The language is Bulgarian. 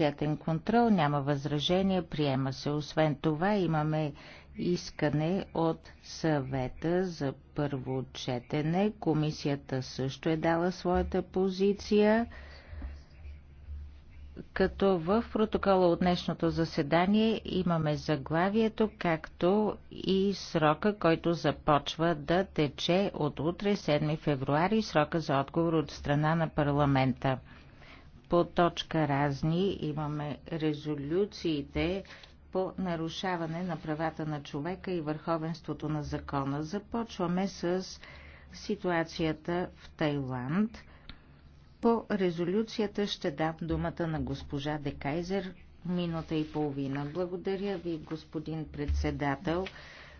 бюджетен контрол, няма възражение, приема се. Освен това имаме искане от съвета за първо четене. Комисията също е дала своята позиция, като в протокола от днешното заседание имаме заглавието, както и срока, който започва да тече от утре 7 февруари, срока за отговор от страна на парламента. По точка разни имаме резолюциите по нарушаване на правата на човека и върховенството на закона. Започваме с ситуацията в Тайланд. По резолюцията ще дам думата на госпожа Декайзер минута и половина. Благодаря ви, господин председател.